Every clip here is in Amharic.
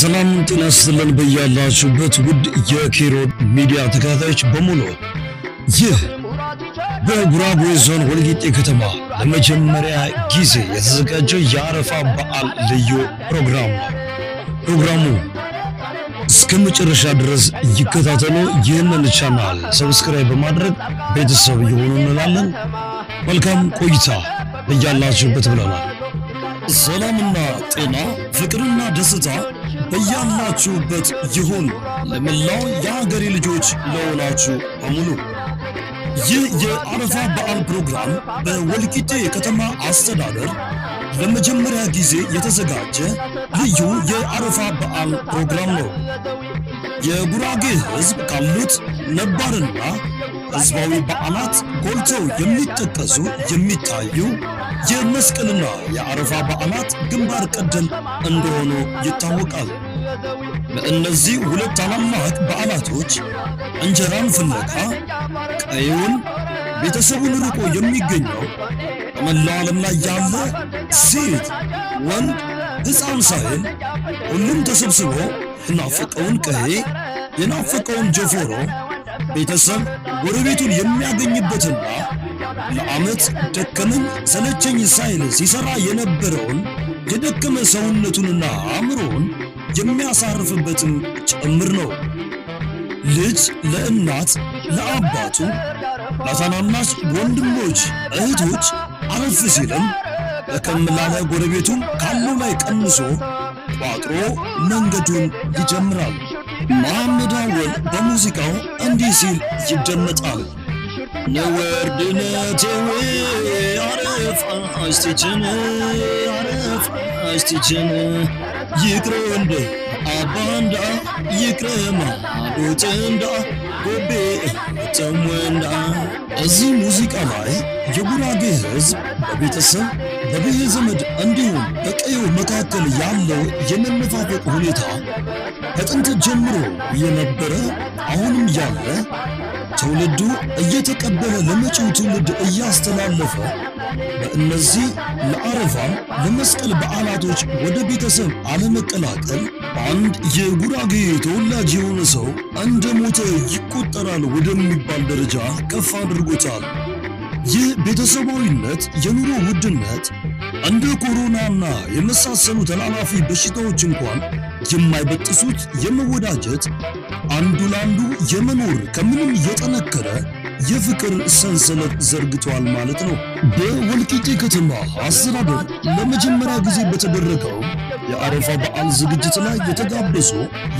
ሰላም ጤና ይስጥልን በያላችሁበት ውድ የኬሮድ ሚዲያ ተከታታዮች በሙሉ ይህ በጉራጌ ዞን ወልቂጤ ከተማ ለመጀመሪያ ጊዜ የተዘጋጀው የአረፋ በዓል ልዩ ፕሮግራም ነው። ፕሮግራሙ እስከ መጨረሻ ድረስ ይከታተሉ። ይህንን ቻናል ሰብስክራይብ በማድረግ ቤተሰብ ይሆኑ እንላለን። መልካም ቆይታ በያላችሁበት ብለናል። ሰላምና ጤና ፍቅርና ደስታ በያላችሁበት ይሁን ለመላው የአገሬ ልጆች ለሆናችሁ በሙሉ። ይህ የአረፋ በዓል ፕሮግራም በወልቂጤ ከተማ አስተዳደር ለመጀመሪያ ጊዜ የተዘጋጀ ልዩ የአረፋ በዓል ፕሮግራም ነው። የጉራጌ ሕዝብ ካሉት ነባርና ሕዝባዊ በዓላት ጎልተው የሚጠቀሱ የሚታዩ የመስቀልና የአረፋ በዓላት ግንባር ቀደም እንደሆኑ ይታወቃል። ለእነዚህ ሁለት ታላላቅ በዓላቶች እንጀራን ፍለጋ ቀይውን ቤተሰቡን ርቆ የሚገኘው በመላው ዓለም ላይ ያለ ሴት፣ ወንድ፣ ሕፃን ሳይል ሁሉም ተሰብስቦ የናፈቀውን ቀሄ የናፈቀውን ጀፎሮ ቤተሰብ ጎረቤቱን የሚያገኝበትና ለዓመት ደከመኝ ሰለቸኝ ሳይል ሲሰራ የነበረውን የደከመ ሰውነቱንና አእምሮውን የሚያሳርፍበትም ጭምር ነው። ልጅ ለእናት ለአባቱ፣ ለታናናሽ ወንድሞች፣ እህቶች አረፍ ሲልም በከምላለ ላለ ጎረቤቱም ካለው ላይ ቀንሶ ቋጥሮ መንገዱን ይጀምራል። መሐመድ አወል በሙዚቃው እንዲህ ሲል ይደመጣል። نوردنا جوي عرف عاشت جنا عرف عاشت جنا يكرند أباندا يكرم أبو تندا قبي تموندا እዚህ ሙዚቃ ላይ የጉራጌ ሕዝብ በቤተሰብ በብሔር ዘመድ እንዲሁም በቀየው መካከል ያለው የመነፋፈቅ ሁኔታ ከጥንት ጀምሮ የነበረ አሁንም ያለ ትውልዱ እየተቀበለ ለመጪው ትውልድ እያስተላለፈ በእነዚህ ለአረፋ ለመስቀል በዓላቶች ወደ ቤተሰብ አለመቀላቀል አንድ የጉራጌ ተወላጅ የሆነ ሰው እንደ ሞተ ይቆጠራል ወደሚባል ደረጃ ከፍ አድርጎታል። ይህ ቤተሰባዊነት የኑሮ ውድነት እንደ ኮሮናና የመሳሰሉ ተላላፊ በሽታዎች እንኳን የማይበጥሱት የመወዳጀት አንዱ ለአንዱ የመኖር ከምንም የጠነከረ የፍቅር ሰንሰለት ዘርግቷል ማለት ነው። በወልቂጤ ከተማ አስተዳደር ለመጀመሪያ ጊዜ በተደረገው የአረፋ በዓል ዝግጅት ላይ የተጋበዙ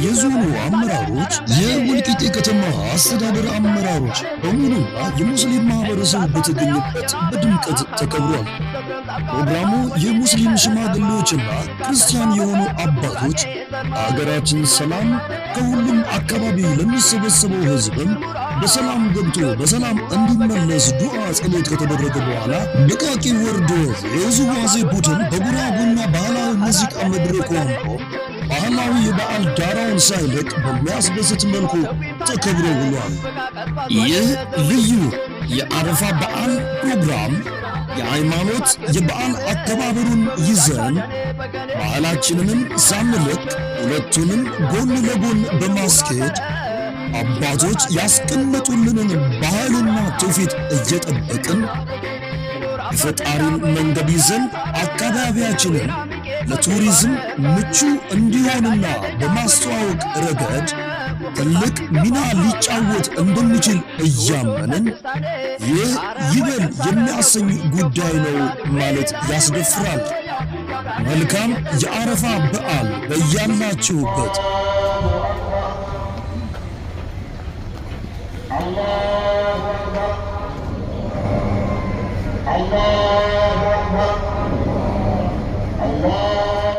የዞኑ አመራሮች፣ የወልቂጤ ከተማ አስተዳደር አመራሮች በሙሉና የሙስሊም ማህበረሰብ በተገኘበት በድምቀት ተከብሯል። ፕሮግራሙ የሙስሊም ሽማግሌዎችና ክርስቲያን የሆኑ አባቶች አገራችን ሰላም ከሁሉም አካባቢ ለሚሰበሰበው ህዝብም በሰላም ገብቶ በሰላም እንዲመለስ ዱዓ ጸሎት ከተደረገ በኋላ ነቃቂ ወርዶ የውዝዋዜ ቡድን በጉራጉና ባህላዊ ሙዚቃ መድረክ ሆኖ ባህላዊ የበዓል ዳራውን ሳይለቅ በሚያስደስት መልኩ ተከብሮ ውሏል። ይህ ልዩ የአረፋ በዓል ፕሮግራም የሃይማኖት የበዓል አከባበሩን ይዘን ባህላችንንም ሳንለቅ ሁለቱንም ጎን ለጎን በማስኬድ አባቶች ያስቀመጡልንን ባህልና ትውፊት እየጠበቅን የፈጣሪን መንገድ ይዘን አካባቢያችንን ለቱሪዝም ምቹ እንዲሆንና በማስተዋወቅ ረገድ ትልቅ ሚና ሊጫወት እንደሚችል እያመንን ይህ ይበል የሚያሰኝ ጉዳይ ነው ማለት ያስደፍራል። መልካም የአረፋ በዓል በያላችሁበት الله أكبر الله